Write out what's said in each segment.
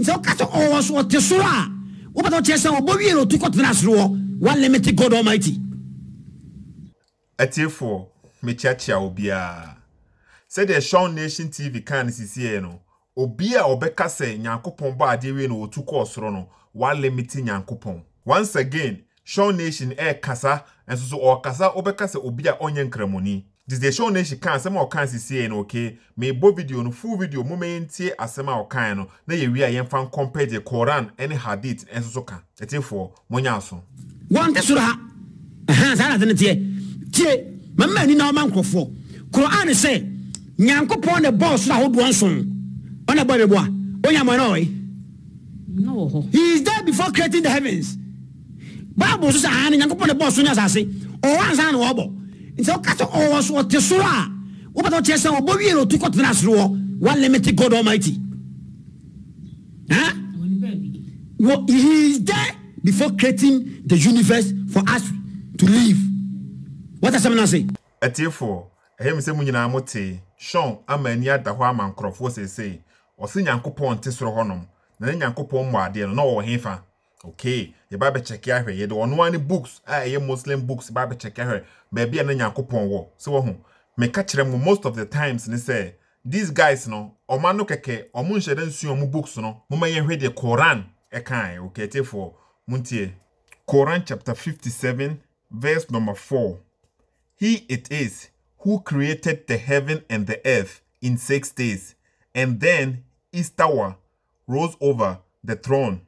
nti woka sɛ ɔwɔ so ɔte soro a wobɛta wokyerɛ sɛ ɔbɔwie no ɔtu kɔtena soro hɔ walimit god almighty atiefoɔ mekyiakyia obiara sɛdeɛ shawn nation tv kaa no sisieɛ no obi a ɔbɛka sɛ nyankopɔn bɔ adeɛ wie no wɔtu kɔɔ soro no walimiti nyankopɔn once again shawn nation ɛrekasa nso so ɔrekasa wobɛka sɛ obi a ɔnyɛ nkramoni nti deɛ ɛhyɛ no can, some asɛm can ɔkan sisiei no okay bo video no full video moma yɛntie asɛm a ɔkan no na yɛwie a yɛmfa compare the Quran ne hadith en so ka for monyɛ so wɔnte soro ha ɛhan saa nate no teɛ tie mama ani na ɔma nkurɔfoɔ koran sɛ nyankopɔn ne bɔɔ soro ahodoɔ nson ɔna bɔ bɛboa onyamɔ no he is there before creating the heavens bible ah, so sɛ aa ne nyankopɔn ne bɔɔ so ne asase ɔwɔ ansa na wɔbɔ nti woka sɛ ɔwɔ so ɔte soro a wobɛta wokyerɛ sɛ ɔbɔ wie no ɔtu kɔtena asere wɔ walimity god almighty huh? he is there before creating the universe for us to live what asɛm no ase atiefoɔ ɛyɛ me sɛ mu nyinaa mote sean ama ani ada hɔ ama nkurɔfoɔ seesei ɔse nyankopɔn nte soro hɔnom na ne nyankopɔn mmɔ adeɛ no na ɔwɔ hefa okay yɛba bɛkyɛke ahwɛ yɛde ɔno a ne books a ɛyɛ muslim books ba bɛkyɛke ahwɛ baabi a ne nyankopɔn wɔ sɛ wɔho meka kyerɛ mu most of the times ne sɛ these guys no ɔma no kɛkɛ ɔmo nhyɛde nsua ɔmo books no moma yɛhwɛ deɛ koran ɛkae okay tiefoɔ montie koran chapter 57 verse number four. he it is who created the heaven and the earth in six days and then each tower rose over the throne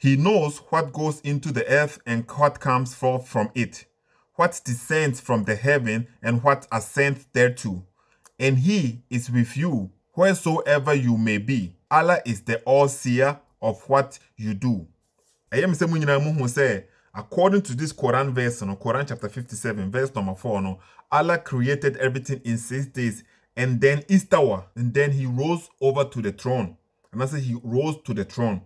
He knows what goes into the earth and what comes forth from it, what descends from the heaven and what ascends thereto. And he is with you wheresoever you may be. Allah is the all-seer of what you do. According to this Quran verse, no, Quran chapter 57, verse number 4, no, Allah created everything in six days and then istawa, and then he rose over to the throne. And I say he rose to the throne.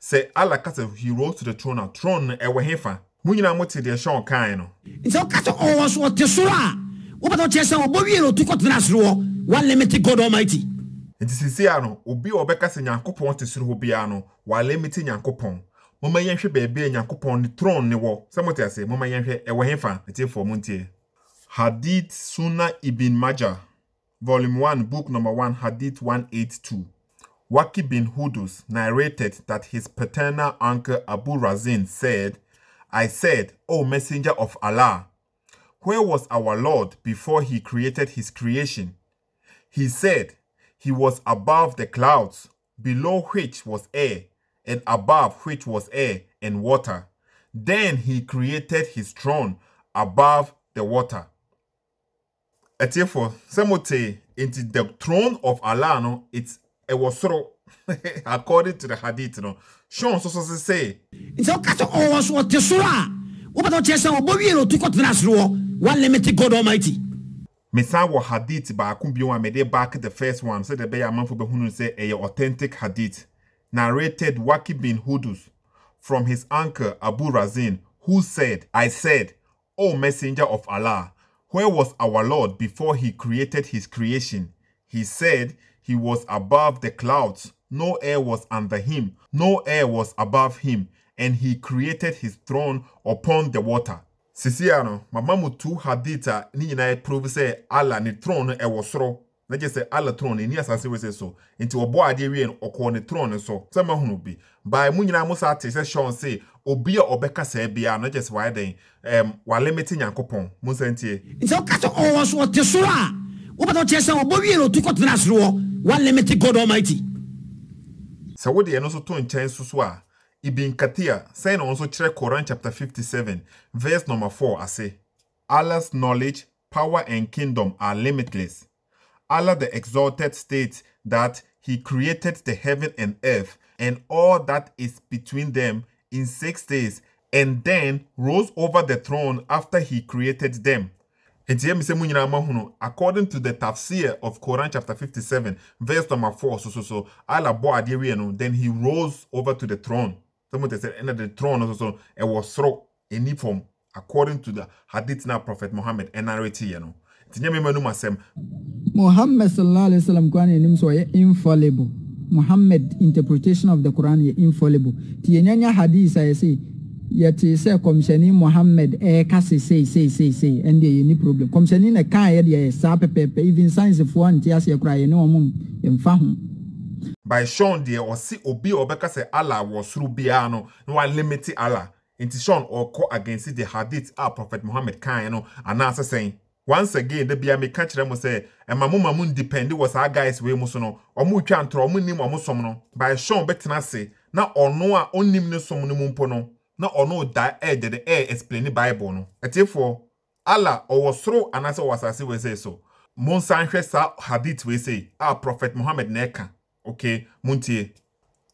sɛ alakasa he rose to the throne a throne ɛwɔ hefa mo nyinaa mo te deɛ sean kan no. nti o kata ɔwɔ so ɔte soro a wobɛtɔ kyerɛ sɛ ɔbɔ wie no ɔtu kɔtena soro hɔ walimiti god almighty. nti sisi a no obi a ɔbɛka sɛ nyankopɔn te soro hɔ biara no walimiti nyankopɔn moma yɛn hwɛ baabi a nyankopɔn ne throne ne wɔ sɛ mo te ase moma yɛn hwɛ ɛwɔ hefa ɛtiefoɔ mo ntie. hadith Suna ibn majah volume one book number one hadith one eight two. Waki bin Hudus narrated that his paternal uncle Abu Razin said, I said, O Messenger of Allah, where was our Lord before he created his creation? He said, He was above the clouds, below which was air, and above which was air and water. Then he created his throne above the water. Therefore, Semote, into the throne of Allah, no, it's ɛwɔ soro according to the hadith no sean nso so sese. nti ɔka sɛ ɔwɔ so ɔte soro a wobɛtɔ kyerɛ sɛ ɔbɔ wie na ɔtu kɔtena soro hɔ walimited god almighty. mesan wɔ hadith baako bio a mede back the first one sɛdeɛ ɛbɛyɛ amanfo Hunu sɛ ɛyɛ authentic hadith narrated waki bin hudus from his uncle abu razin who said i said o messenger of allah where was our lord before he created his creation he said He was above the clouds. No air was under him. No air was above him. And he created his throne upon the water. Sisia no, mama mu tu hadita ni nyinaa prove sɛ Allah ni throne no e ɛwɔ Na gye sɛ Allah throne no ani asase wɔ so. Nti ɔbɔ adeɛ wie no ɔkɔɔ ne throne no so. Sɛ mahunu bi. Bae mu nyinaa mo saa te sɛ Sean se obi a ɔbɛka saa biara na gye sɛ wayɛ den. Ɛm walimiti nyankopɔn. Mo nsɛntie. Nti ɔka sɛ ɔwɔ so ɔte soro a wọ́n bá tó tiẹ̀ sẹ́ wọ́n bọ́ wíyẹn lọ́tún kọ́ tẹ̀lé àṣírí wọ́n. one limited God Almighty. So what ɛno also to in so so a ibi nkate a sɛn na chapter 57 verse number 4 I say allah's knowledge power and kingdom are limitless allah the exalted states that he created the heaven and earth and all that is between them in six days and then rose over the throne after he created them Enti ye misemu nyina mahunu according to the tafsir of Quran chapter 57 verse number four, so so so Allah bo ade we no then he rose over to the throne. Someone said and the throne so so e was throw any form according to the hadith na prophet Muhammad and narrative you know. Enti nyame manu masem Muhammad sallallahu alaihi wasallam kwani nim so ye infallible. Muhammad interpretation of the Quran ye infallible. Ti yenya hadith I say yɛte sɛ kɔmhyɛni mohammed ɛɛka eh, seseeseesei ɛnde yɛ problem kɔmhyɛni na kaa yɛ deɛ saa pɛpɛɛpɛ even sciencefoɔ nte aseɛ koraa yɛne wɔn mfa ho. by sean deɛ ɔsi obi a ɔbɛka sɛ allah wɔ soro biara no na wa limit allah nti sean ɔkɔ against the hadith a prophet mohammed kaa no anaasɛ sɛn once again da bia meka kyerɛ mo sɛ ɛma mo ma mo ndepende wɔ saa guys wei mu so no ɔmo twa ntorɔ ɔmo nim ɔmo som no by sean bɛtena ase na ɔno a ɔnim ne som no mu mpo no na ɔno da ɛɛgye eh, de ɛɛ eh, explain bible no ɛtiefoɔ ala ɔwɔ soro anaasɛ ɔwɔ asase we say so mo nsan hwɛ saa hadith we say, our prophet Muhammad neka. okay mo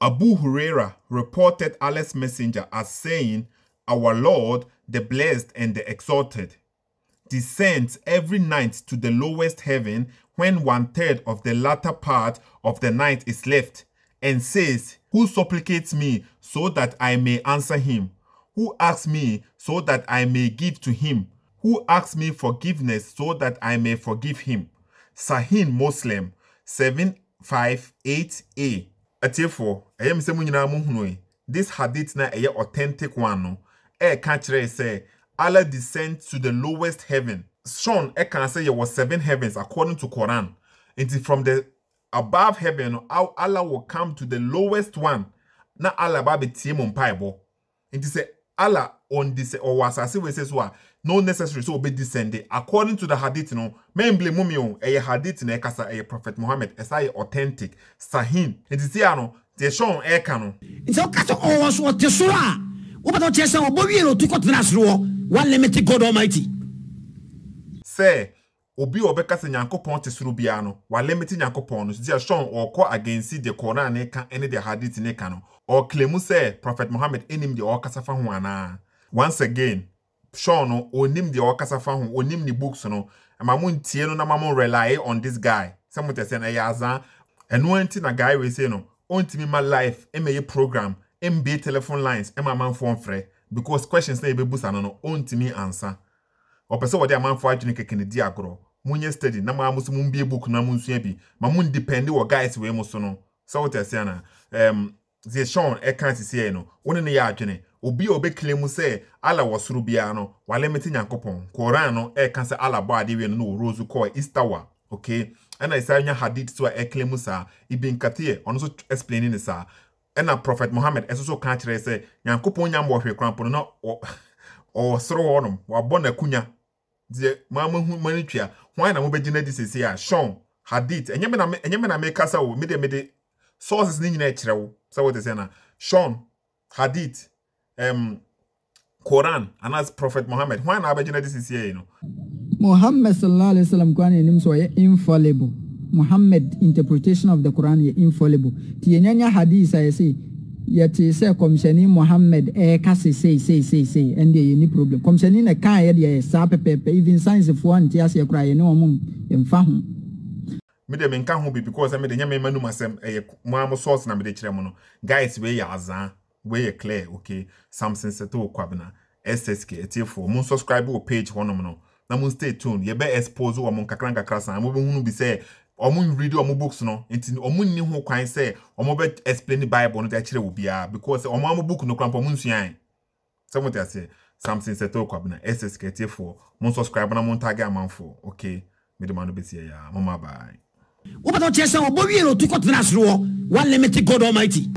abu huraira reported allah's messenger as saying our lord the blessed and the exalted descends every night to the lowest heaven when one third of the latter part of the night is left, and says, Who supplicates me so that I may answer him? who asks me so that I may give to him, who asks me forgiveness so that I may forgive him. Sahin Muslim 758a. Atiefo, ɛyɛ mi sɛ mu nyinaa mo hunu This hadith na ɛyɛ authentic one no. Ɛɛka kyerɛ sɛ Allah descend to the lowest heaven. Sean say sɛ yɛwɔ seven heavens according to Quran. Nti from the above heaven how Allah will come to the lowest one. Na Allah ba bɛ tie mo mpaebɔ. Nti sɛ Allah on this or was as we say what ah, no necessary so be descended according to the hadith no men blame me on oh, a hadith na kasa a prophet Muhammad esai authentic sahin it is here no the show e ka no it's okay to all so the oh, sura ah, what about to che of obo wie no to ko tena sro one limited god almighty say obi obe kasa nyankopon te suru bia no wa limited nyankopon no so the show or ko against the Quran e ka any the hadith ne ka no ɔklemu sɛ prophet mohammed ɛnim deɛ ɔrekasa fa ho anaa once again sean no ɔnim deɛ ɔrekasa fa ho ɔnim ne books no ma mo ntie no na ma mo rely on this guy sɛ mo tɛ sɛ no ɛyɛ azaa ɛno nti na guy wei sei no ɔntumi ma life ɛmɛyɛ program ɛmbie telephone lines ɛma amanfoɔ mfrɛ because questions na yɛbɛbusa no no ɔntumi ansa ɔpɛ sɛ wɔde amanfoɔ adwene kɛkɛ ne di agorɔ monyɛ study na maa mo so mombie book na monsua bi ma mondepende wɔ guys wei mu so no sɛ wotɛ se anaa sɛ sean ɛka sisi yɛ no wɔn ne yɛ adwene obi a obɛkile mu sɛ ala wɔ soro biara no walemete nyankopɔn koran no ɛka sɛ ala bɔ adeɛ wie no na wɔrose kɔɔ istawa okay ɛna ɛsan nya hadid e so a ɛkile mu saa ibi nkateɛ ɔno nso explain ne saa ɛna prophet mohammed ɛso so ka kyerɛ sɛ nyankopɔn nya mbɔ hwee koran pono na ɔwɔ soro hɔ nom wabɔ n'akunya deɛ maa hu mo ani hwan na mo di sisi a sean hadid ɛnyɛ mi na mi ɛnyɛ mi na mi kasa wo mi de mi de sources ne nyinaa ɛkyerɛ e wo sabote tena Sean Hadith um, Quran anas Prophet Muhammad hwan na abɛgyina de sisi yɛyi no Muhammad sallallahu alaihi wasallam Quran anim so ɔyɛ infallible Muhammad interpretation of the Quran yɛ infallible ti yɛ nyanya hadith a yɛsɛ yɛte sɛ kɔmhyɛni Muhammad ɛɛka eh, se sei sei sei sei ɛnde yɛ ni problem kɔmhyɛni na kaa yɛ deɛ saa pɛpɛɛpɛ even science sciencefoɔ nte aseɛ koraa yɛ ne wɔn mfa ho me de menka ho bi because me de nyame manu masem eye mo am source na me de kire no guys we ya azan we ya clear okay samson seto kwabna ssk etifo mo subscribe o page honom no na mo stay tuned ye be expose wo mo nkakran kakra san mo be hunu bi se omo read omo books no nti omo nni ho kwan se omo be explain the bible no de kire wo bia because omo am book no krampo mo nsuan se mo te ase samson seto kwabna ssk etifo mo subscribe na mo tag amanfo okay me de manu bi se ya mo ma bye wobɛtɔ kyerɛ sɛ ɔbɔ wie no ɔtu kɔtena asoro hɔ one limited god almighty